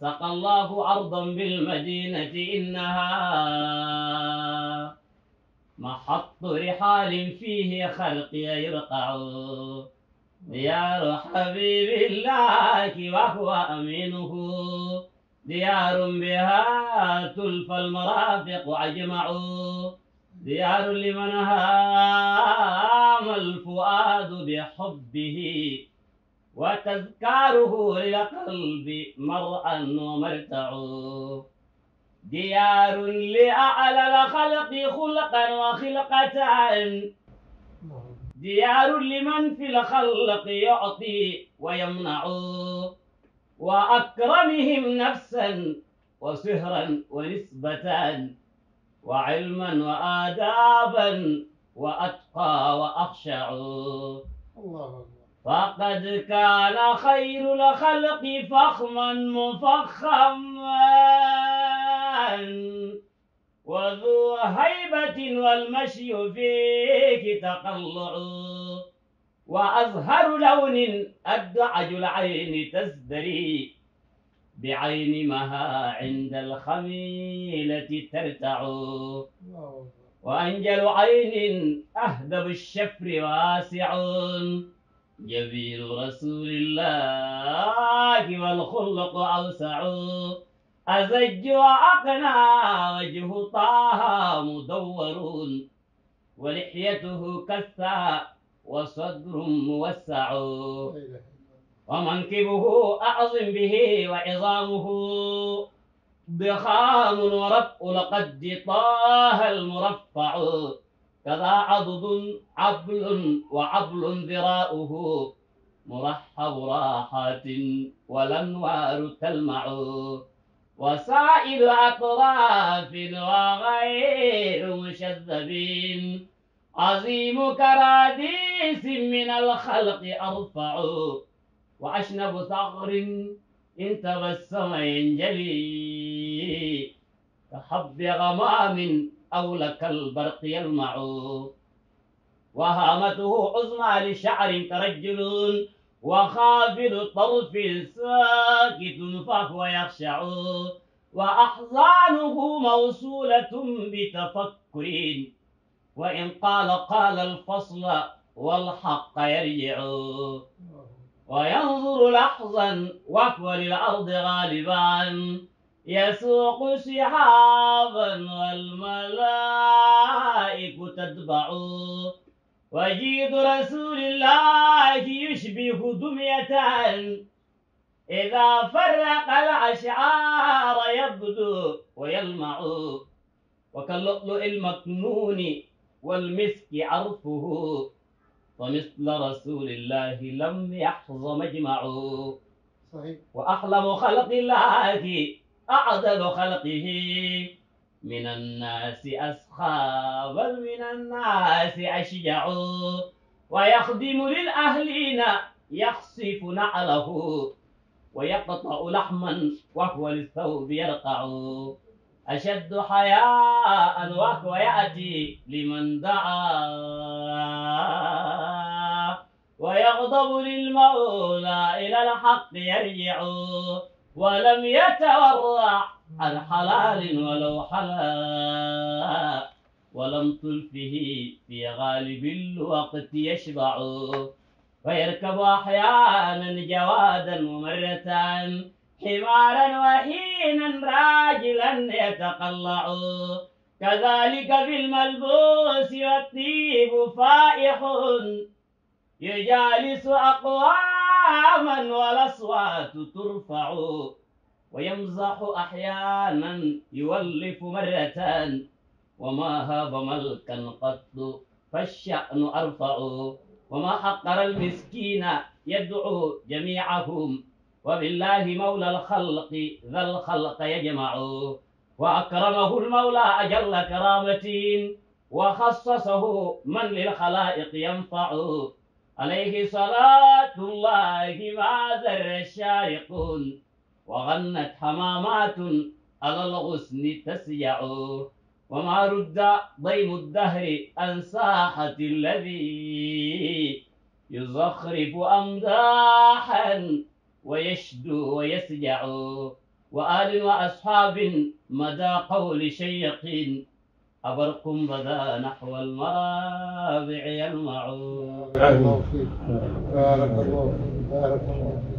سقى الله أرضا بالمدينة إنها محط رحال فيه خلق يرقع ديار حبيب الله وهو أمينه ديار بها تلفى المرافق أجمع ديار لمن هام الفؤاد بحبه وتذكاره للقلب مرءا ومرتع ديار لأعلى الخلق خلقا وخلقة ديار لمن في الخلق يعطي ويمنع وأكرمهم نفسا وسهرا ونسبة وعلما وآدابا وأتقى وأخشع الله أكبر فقد كان خير الخلق فخما مفخما وذو هيبة والمشي فيك تقلع وأزهر لون أدعج العين تزدري بعين مها عند الخميلة ترتع وأنجل عين أهدب الشفر واسع جبين رسول الله والخلق أوسع أزج وأقنى وجه طه مدور ولحيته كثى وصدر موسع ومنكبه أعظم به وعظامه ضخام ورفع لقد طه المرفع كذا عضد عبل وعبل ذراؤه مرحب راحات والأنوار تلمع وسائل أطراف وغير مشذبين عظيم كراديس من الخلق أرفع وأشنب ثغر إن تبسم ينجلي كحب غمام أو لك البرق يلمع وهامته عظمى لشعر ترجل وخافض طرف ساكت فهو يخشع وأحضانه موصولة بتفكر وإن قال قال الفصل والحق يرجع وينظر لحظا وهو للأرض غالبا يسوق شهابا وجيد رسول الله يشبه دمية إذا فرق الأشعار يبدو ويلمع وكاللؤلؤ المكنون والمسك عرفه ومثل رسول الله لم يحظ مجمع صحيح وأحلم خلق الله أعدل خلقه من الناس بل من الناس أشجع ويخدم للأهلين يخصف نعله ويقطع لحما وهو للثوب يرقع أشد حياء وهو يأتي لمن دعا ويغضب للمولى إلى الحق يرجع ولم يتورع عن حلال ولو حلا ولم تلفه في غالب الوقت يشبع ويركب أحيانا جوادا ممرة حمارا وحينا راجلا يتقلع كذلك بالملبوس والطيب فائح يجالس أقواما والأصوات ترفع ويمزح أحيانا يولف مرة وما هاب ملكا قط فالشأن أرفع وما حقر المسكين يدعو جميعهم وبالله مولى الخلق ذا الخلق يجمع وأكرمه المولى أجل كرامة وخصصه من للخلائق ينفع عليه صلاة الله ما ذر الشارقون وغنت حمامات على الغصن تسيع وما رد ضيم الدهر أن ساحت الذي يزخرف أمداحا ويشدو ويسجع وآل وأصحاب مدى قول شيق أبرق بدا نحو المرابع يلمع بارك الله فيك بارك الله فيك